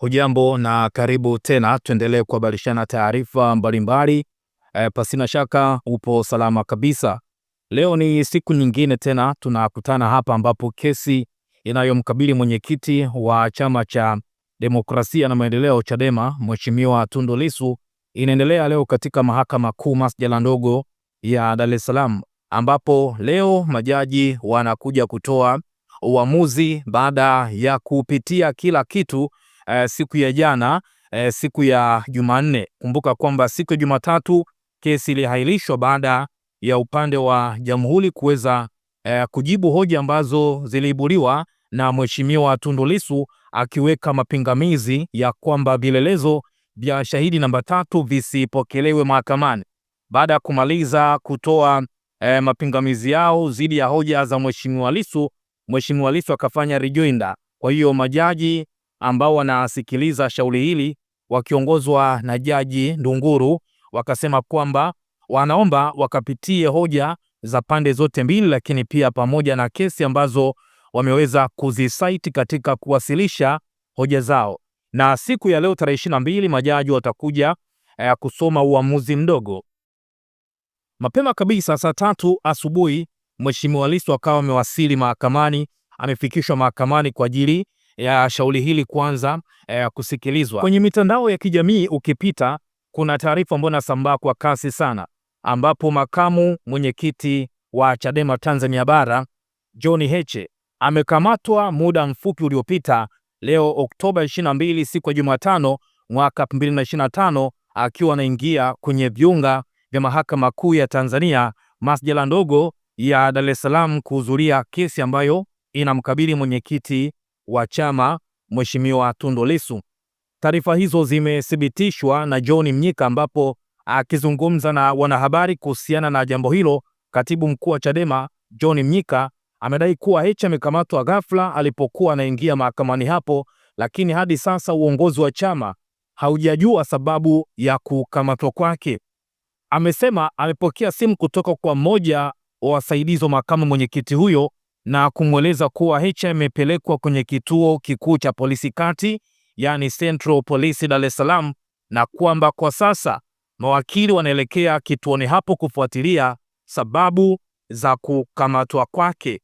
Hujambo na karibu tena, tuendelee kubadilishana taarifa mbalimbali. E, pasina shaka upo salama kabisa. Leo ni siku nyingine tena tunakutana hapa ambapo kesi inayomkabili mwenyekiti wa chama cha demokrasia na maendeleo Chadema, Mheshimiwa Tundu Lissu inaendelea leo katika mahakama kuu masjala ndogo ya Dar es Salaam, ambapo leo majaji wanakuja kutoa uamuzi baada ya kupitia kila kitu eh, siku ya jana eh, siku ya Jumanne. Kumbuka kwamba siku ya Jumatatu kesi ilihairishwa baada ya upande wa jamhuri kuweza eh, kujibu hoja ambazo ziliibuliwa na mheshimiwa Tundu Lissu akiweka mapingamizi ya kwamba vilelezo vya shahidi namba tatu visipokelewe mahakamani. Baada ya kumaliza kutoa eh, mapingamizi yao dhidi ya hoja za mheshimiwa Lissu, mheshimiwa Lissu akafanya rejoinder. Kwa hiyo majaji ambao wanasikiliza shauri hili wakiongozwa na Jaji Ndunguru wakasema kwamba wanaomba wakapitie hoja za pande zote mbili, lakini pia pamoja na kesi ambazo wameweza kuzisaiti katika kuwasilisha hoja zao. Na siku ya leo tarehe ishirini mbili majaji watakuja eh, kusoma uamuzi mdogo. Mapema kabisa saa tatu asubuhi Mheshimiwa Lissu akawa amewasili mahakamani, amefikishwa mahakamani kwa ajili ya shauri hili kwanza eh, kusikilizwa. Kwenye mitandao ya kijamii ukipita, kuna taarifa ambayo inasambaa kwa kasi sana, ambapo makamu mwenyekiti wa Chadema Tanzania Bara John Heche amekamatwa muda mfupi uliopita leo Oktoba 22 siku ya Jumatano mwaka 2025 akiwa anaingia kwenye viunga vya Mahakama Kuu ya Tanzania masjala ndogo ya Dar es Salaam kuhudhuria kesi ambayo inamkabili mwenyekiti wa chama Mheshimiwa Tundu Lissu. Taarifa hizo zimethibitishwa na John Mnyika, ambapo akizungumza na wanahabari kuhusiana na jambo hilo, katibu mkuu wa Chadema John Mnyika amedai kuwa Heche amekamatwa ghafla alipokuwa anaingia mahakamani hapo, lakini hadi sasa uongozi wa chama haujajua sababu ya kukamatwa kwake. Amesema amepokea simu kutoka kwa mmoja wa wasaidizi wa makamu mwenyekiti huyo na kumweleza kuwa hecha imepelekwa kwenye kituo kikuu cha polisi kati, yani Central Police Dar es Salaam, na kwamba kwa sasa mawakili wanaelekea kituoni hapo kufuatilia sababu za kukamatwa kwake.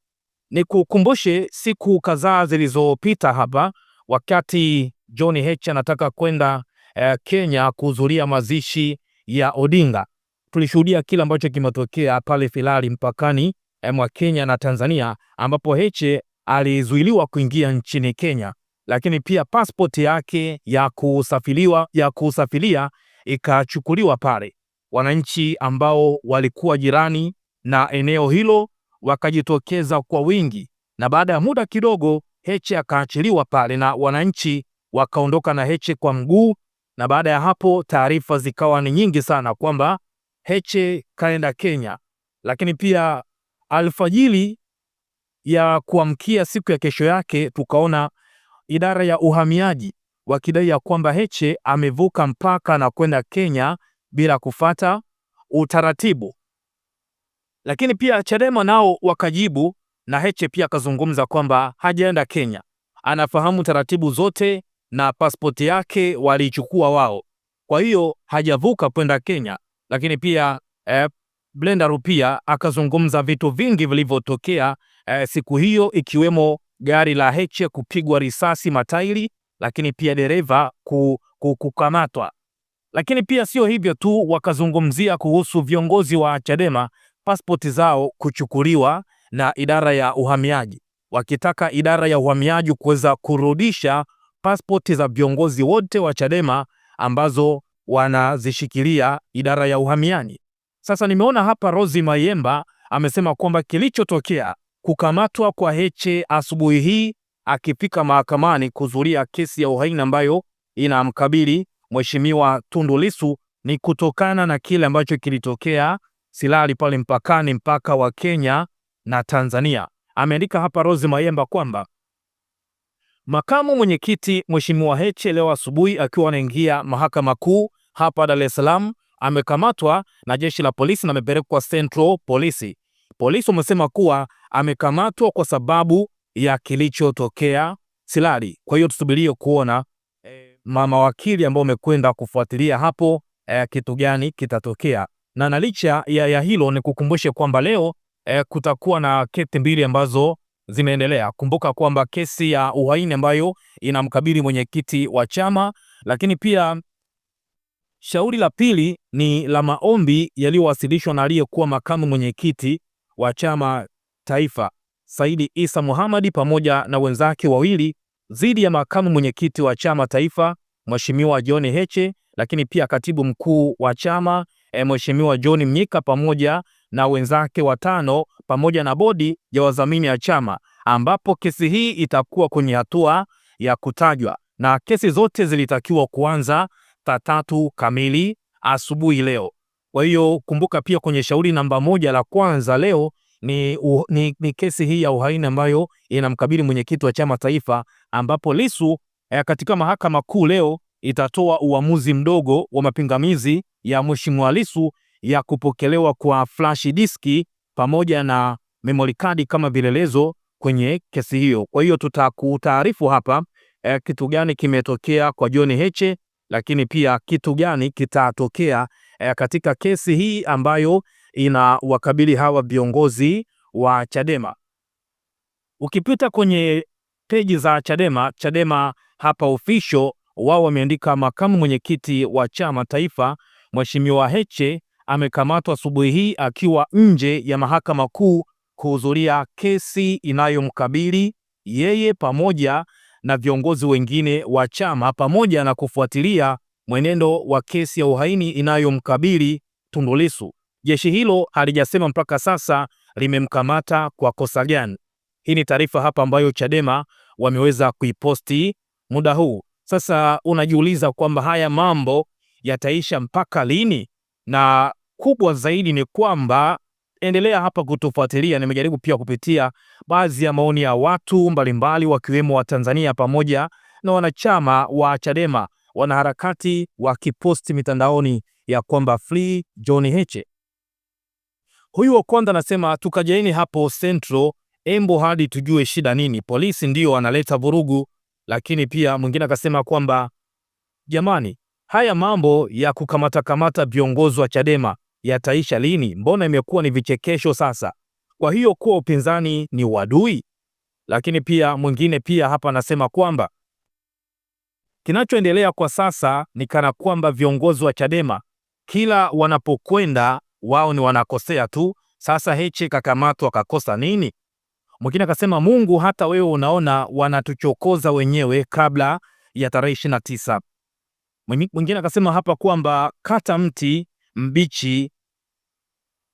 Nikukumbushe, siku kadhaa zilizopita hapa, wakati John Heche anataka kwenda eh, Kenya kuhudhuria mazishi ya Odinga, tulishuhudia kile ambacho kimetokea pale Filali mpakani mwa Kenya na Tanzania, ambapo Heche alizuiliwa kuingia nchini Kenya, lakini pia pasipoti yake ya kusafiriwa ya kusafiria ikachukuliwa pale. Wananchi ambao walikuwa jirani na eneo hilo wakajitokeza kwa wingi, na baada ya muda kidogo Heche akaachiliwa pale na wananchi wakaondoka na Heche kwa mguu. Na baada ya hapo taarifa zikawa ni nyingi sana kwamba Heche kaenda Kenya, lakini pia alfajili ya kuamkia siku ya kesho yake tukaona idara ya uhamiaji wakidai ya kwamba Heche amevuka mpaka na kwenda Kenya bila kufata utaratibu, lakini pia Chadema nao wakajibu, na Heche pia akazungumza kwamba hajaenda Kenya, anafahamu taratibu zote na pasipoti yake waliichukua wao, kwa hiyo hajavuka kwenda Kenya. Lakini pia eh, Brenda Rupia akazungumza vitu vingi vilivyotokea eh, siku hiyo ikiwemo gari la Heche kupigwa risasi matairi, lakini pia dereva kukamatwa. Lakini pia sio hivyo tu, wakazungumzia kuhusu viongozi wa Chadema pasipoti zao kuchukuliwa na idara ya uhamiaji, wakitaka idara ya uhamiaji kuweza kurudisha pasipoti za viongozi wote wa Chadema ambazo wanazishikilia idara ya uhamiaji. Sasa nimeona hapa rozi Mayemba amesema kwamba kilichotokea kukamatwa kwa Heche asubuhi hii akifika mahakamani kuzuria kesi ya uhaini ambayo inamkabili mheshimiwa Tundu Lissu ni kutokana na kile ambacho kilitokea Silali pale mpakani, mpaka wa Kenya na Tanzania. Ameandika hapa rozi Mayemba kwamba makamu mwenyekiti mheshimiwa Heche leo asubuhi akiwa anaingia mahakama kuu hapa Dar es Salaam amekamatwa na jeshi la polisi na amepelekwa Central Polisi. Polisi wamesema kuwa amekamatwa kwa sababu ya kilichotokea Silali. Kwa hiyo tusubirie kuona eh, mama wakili ambao wamekwenda kufuatilia hapo eh, kitu gani kitatokea. Na nalicha ya, ya hilo ni kukumbushe kwamba leo eh, kutakuwa na kesi mbili ambazo zimeendelea Kumbuka kwamba kesi ya uhaini ambayo inamkabili mwenyekiti wa chama, lakini pia Shauri la pili ni la maombi yaliyowasilishwa na aliyekuwa makamu mwenyekiti wa chama taifa Saidi Isa Muhammad pamoja na wenzake wawili dhidi ya makamu mwenyekiti wa chama taifa Mheshimiwa John Heche, lakini pia katibu mkuu wa chama eh, Mheshimiwa John Mnyika pamoja na wenzake watano pamoja na bodi ya wadhamini ya chama, ambapo kesi hii itakuwa kwenye hatua ya kutajwa na kesi zote zilitakiwa kuanza saa tatu kamili asubuhi leo. Kwa hiyo kumbuka pia kwenye shauri namba moja la kwanza leo ni, uh, ni, ni kesi hii ya uhaini ambayo inamkabili mwenyekiti wa chama taifa, ambapo Lissu eh, katika mahakama kuu leo itatoa uamuzi mdogo wa mapingamizi ya mheshimiwa Lissu ya kupokelewa kwa flash diski pamoja na memory card kama vilelezo kwenye kesi hiyo. Kwa hiyo tutakutaarifu hapa eh, kitu gani kimetokea kwa John Heche lakini pia kitu gani kitatokea eh, katika kesi hii ambayo inawakabili hawa viongozi wa Chadema. Ukipita kwenye peji za Chadema, Chadema hapa official wao wameandika, makamu mwenyekiti wa chama taifa Mheshimiwa Heche amekamatwa asubuhi hii akiwa nje ya mahakama kuu kuhudhuria kesi inayomkabili yeye pamoja na viongozi wengine wa chama pamoja na kufuatilia mwenendo wa kesi ya uhaini inayomkabili Tundu Lissu. Jeshi hilo halijasema mpaka sasa limemkamata kwa kosa gani. Hii ni taarifa hapa ambayo Chadema wameweza kuiposti muda huu. Sasa unajiuliza kwamba haya mambo yataisha mpaka lini? Na kubwa zaidi ni kwamba endelea hapa kutufuatilia. Nimejaribu pia kupitia baadhi ya maoni ya watu mbalimbali wakiwemo Watanzania pamoja na wanachama wa Chadema wanaharakati wakiposti mitandaoni ya kwamba free John Heche. Huyu wa kwanza anasema tukajaini hapo Central Embo hadi tujue shida nini, polisi ndio wanaleta vurugu. Lakini pia mwingine akasema kwamba jamani, haya mambo ya kukamata kamata viongozi wa Chadema yataisha lini? Mbona imekuwa ni vichekesho sasa? Kwa hiyo kuwa upinzani ni uadui. Lakini pia mwingine pia hapa anasema kwamba kinachoendelea kwa sasa ni kana kwamba viongozi wa Chadema kila wanapokwenda wao ni wanakosea tu. Sasa hichi kakamatwa kakosa nini? Mwingine akasema Mungu, hata wewe unaona wanatuchokoza wenyewe kabla ya tarehe 29. Mwingine akasema hapa kwamba kata mti mbichi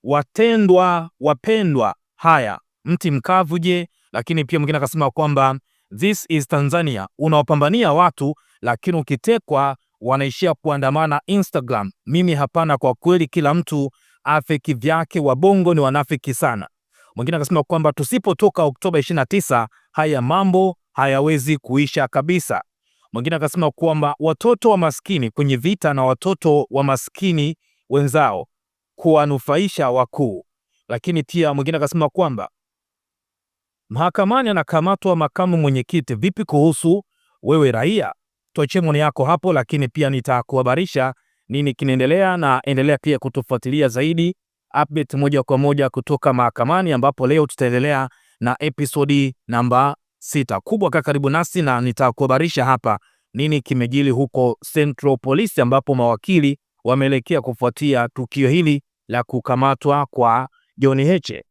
watendwa wapendwa, haya mti mkavu je? Lakini pia mwingine akasema kwamba this is Tanzania, unawapambania watu lakini ukitekwa wanaishia kuandamana Instagram. Mimi hapana, kwa kweli kila mtu afiki vyake, wabongo ni wanafiki sana. Mwingine akasema kwamba tusipotoka Oktoba 29 haya mambo hayawezi kuisha kabisa. Mwingine akasema kwamba watoto wa maskini kwenye vita na watoto wa maskini wenzao kuwanufaisha wakuu. Lakini pia mwingine akasema kwamba mahakamani anakamatwa makamu mwenyekiti, vipi kuhusu wewe raia? Tuachie maoni yako hapo, lakini pia nitakuhabarisha nini kinaendelea, na endelea pia kutufuatilia zaidi update moja kwa moja kutoka mahakamani, ambapo leo tutaendelea na episodi namba sita. Kubwa ka karibu nasi na nitakuhabarisha hapa nini kimejili huko Central Police, ambapo mawakili wameelekea kufuatia tukio hili la kukamatwa kwa John Heche